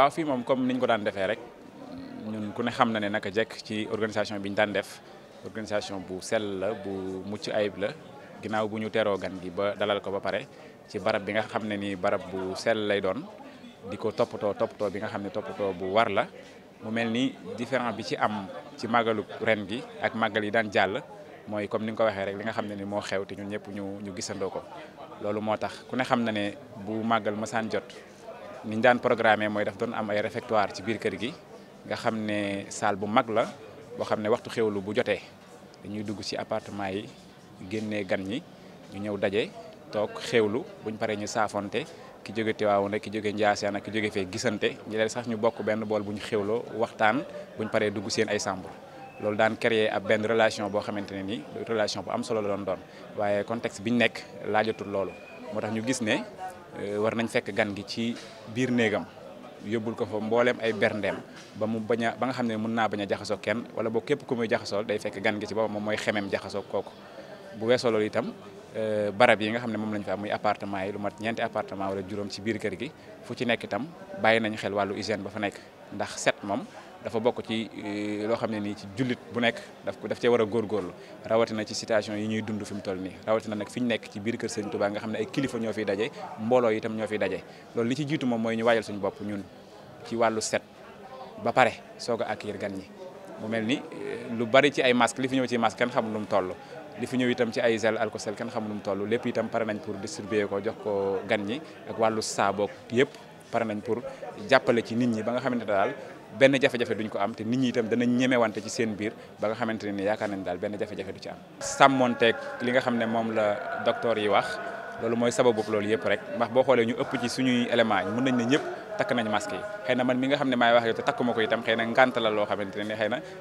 waaw fii moom comme niñ ko daan defee rek ñun ku ne xam na ne naka ci organisation bi daan def organisation bu sel, la bu mucc ayib la ginnaaw bu ñu gan gi ba dalal ko ba pare ci barab bi nga xam ne ni barab bu sel lay doon di ko top toppatoo bi nga xam ne bu war la mu mel ni différent bi ci am ci màggalu ren gi ak magal yi daan jàll mooy comme ni nga ko waxee rek li nga xam ne ni moo xew te ñun ñëpp ñu ñu gisandoo ku ne xam na bu màggal masaan jot ni ñu daan programmer mooy daf doon am ay réfectoire ci biir kër gi nga xam ne salle bu mag la boo xam ne waxtu xewlu bu jotee ñuy dugg ci appartement yi génnee gan ñi ñu ñëw daje toog xewlu buñ paree ñu saafonte ki jóge Tiwaawoon rek ki jóge Njaasaan ak ki jóge fee gisante ñu leen sax ñu bokk benn bool bu ñu xewloo waxtaan buñ paree dugg seen ay chambre loolu daan créer ab benn relation boo xamante ne ni relation bu am solo la doon doon waaye contexte bi ñu nekk laajatul loolu Euh, war nañ fekk gan gi ci biir néegam yóbbul ko fa mbooleem ay berndeem ba mu bañ ba nga xam ne mun naa bañ jaxasoo kenn wala boo képp ku muy jaxasool day fekk gan gi ci boppam moom mooy xemem jaxasoo kooku bu weesoo loolu itam euh, barab yi nga xam ne moom lañ fa am muy appartement yi lu mat ñeenti appartement wala juróom ci biir kër gi fu ci nekk itam bàyyi nañ xel wàllu hygiène ba fa nekk ndax set moom dafa bokk ci euh, loo xam ne nii ci jullit bu nekk daf ko daf cee war a góorgóorlu rawatina ci situation yi ñuy dund fi mu toll nii rawatina nag fi ñu nekk ci biir kër Sëriñ Tuubaa nga xam ne ay kilifa ñoo fiy daje mbooloo itam ñoo fiy daje loolu li ci jiitu moom mooy ñu waajal suñu bopp ñun ci wàllu set ba pare soog ak accueillir gan ñi mu mel ni euh, lu bari ci ay masque li fi ñëw ci masque kenn xamul lu mu toll li fi ñëw itam ci ay gel alcool sel kenn xamul lu toll lépp itam pare nañ pour distribuer ko jox ko gan ñi ak wàllu saabook yëpp pare nañ pour jàppale ci nit ñi ba nga xamante daal benn jafe-jafe duñ ko am te nit ñi itam danañ ñemewante ci seen biir ba nga xamante ne ni yaakaar nañ daal benn jafe-jafe du ci am. sàmmonteeg li nga xam ne moom la docteur yi wax loolu mooy sababu loolu yëpp rek ndax boo xoolee ñu ëpp ci suñuy éléments yi mën nañ ne ñëpp. tak nañ masque yi xeyna man mi nga xamne may wax yow te takkuma ko itam xeyna na la loo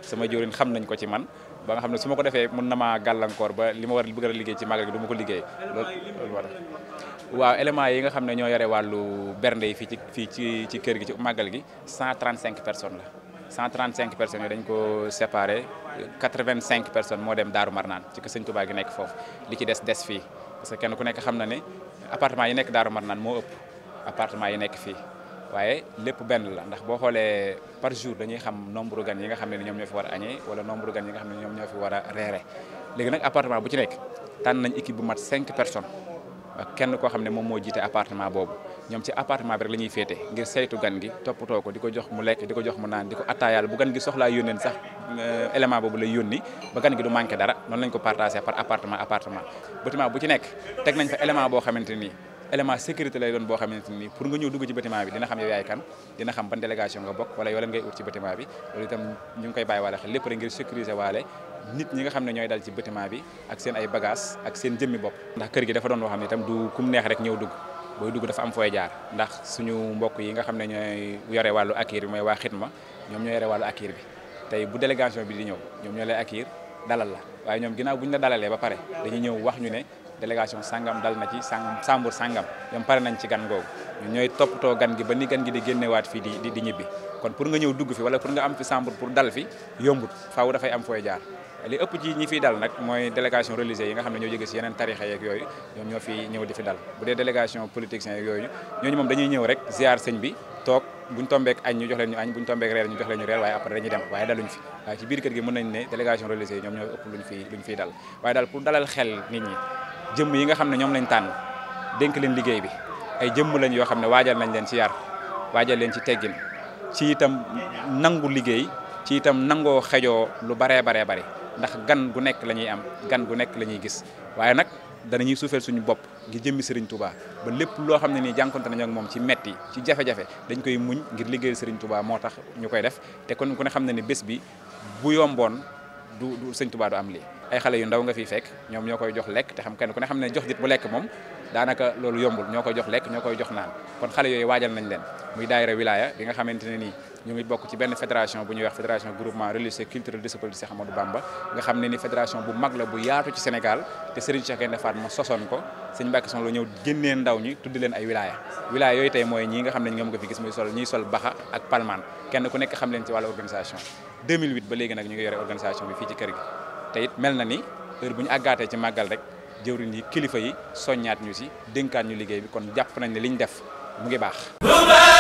sama jurin xam nañ ko ci man ba nga xamne suma ko defé mën na ma galankor ba lima war bëggal a liggéey ci magal gi duma ko liggéey war waaw élément yi nga xamne ño yoré walu bernde yi ci fi ci ci kër gi ci magal gi 135 personnes la 135 personnes yi dañ ko séparé 85 personnes mo dem daru marnan ci ko seigne touba gi nek foofu li ci dess dess fi parce que kenn ku nek xamna ni appartement yi nek daru marnan mo ëpp appartement yi nek fi waaye lépp benn la ndax boo xoolee par jour dañuy xam nombre gan yi nga xam ne ñoom ñoo a wala nombre gan yi nga xam ne ñoom ñoo fi war a reere léegi nag appartement bu ci nekk tànn nañ équipe bu mat cinq personnes kenn koo xam ne moom moo jiite appartement boobu ñoom ci appartement bi rek la ñuy féete ngir seytu gan gi toppatoo ko di ko jox mu lekk di ko jox mu naan di ko attaayaal bu gan gi soxlaa yónneen sax euh, élément boobu la yónni ba gan du manqué dara noonu lañ ko partagé par appartement appartement bâtiment bu ci nekk teg nañ fa boo xamante nii élément sécurité lay doon boo xamante ni pour nga ñëw dugg ci bâtiment bi dina xam yow yaay kan dina xam ban délégation nga bokk wala yow ngay ut ci bâtiment bi loolu itam ñu ngi koy bàyyi waale xel lépp rek ngir waale nit ñi nga xam ne ñooy dal ci bâtiment bi ak seen ay bagages ak seen jëmmi bopp ndax kër gi dafa doon loo xam ne itam du kum neex rek ñëw dugg booy dugg am fooy jaar ndax suñu mbokk yi xam ne ñooy yore wàllu accueil bi mooy waa xitma ñoom ñoo yore wàllu accueil bi tey bu délégation bi di ñëw ñoom ñoo lay accueillir dalal la waaye ñoom ginnaaw bu ñu la dalalee ba pare dañu ñëw wax ñu ne délégation sangam dal na ci sangam sambur sangam ñom paré nañ ci gan gog ñoy top to gan gi ba ni gan gi di génnewaat fi di di ñibi kon pour nga ñew dugg fi wala pour nga am fi sambur pour dal fi yombut faaw fay am foy jaar li ëpp ci ñi fi dal nak moy délégation religieuse yi nga xam ne ñoo jóge si yeneen tarixa ak yoy ñom ñoo fi ñew di fi dal bu dé délégation politique yeeg yoy ñoo mom dañuy ñew rek ziar señ bi tok buñ tombé ak añu jox leen ñu añ buñ ak reer ñu jox leen ñu reer waye après dañuy dem waye daluñ fi waaye ci biir kër gi mën nañ ne délégation religieuse ñom ñoo ëpp luñ fi luñ fi dal waye dal pour dalal xel nit ñi jëmm yi nga xam ne ñoom lañu tànn dénk leen liggéey bi ay jëmm lañ yoo xam ne waajal nañ leen ci yar waajal leen ci teggin ci itam nangu liggéey ci itam nangoo xejoo lu baree baree bari ndax gan gu nekk la ñuy am gan gu nekk la ñuy gis waaye nag danañuy suufeel suñu bopp ngir jëmmi Serigne Touba ba lépp loo xam ne nii jànkonte nañu ak moom ci metti ci jafe-jafe dañ koy muñ ngir liggéeyal Serigne Touba moo tax ñu koy def te kon ku ne xam ne ni bés bi bu yomboon du du sëñ am lii ay xale yu ndaw nga fiy fekk ñoom ñoo koy jox lekk te xam kenn ku ne xam ne jox nit bu lekk moom daanaka loolu yombul jox lekk koy jox naan kon xale yooyu waajal nañ leen muy daayira wilaya bi nga xamante ne nii ñu ngi bokk ci benn fédération bu ñuy wax fédération groupement religieux culturel disciple de Cheikh Amadou Bamba nga bu mag la bu yaatu ci Sénégal te Serigne Cheikh Gaïndé Fatma sosoon ko sëñ Mbàkke Soxna Lo ndaw ñi tuddi leen ay wilaya wilaya yooyu tey mooy ñii nga xam ne ñoom nga fi gis muy sol ñuy sol baxa ak ku nekk xam leen ci wàllu organisation 2008 ba léegi nag ñu ngi yore organisation bi fii ci kër gi te it mel na ni heure bu ñu àggaatee ci màggal rek jëwriñ yi kilifa yi soññaat ñu si dénkaat ñu liggéey bi kon jàpp nañ ne li ñu def mu ngi baax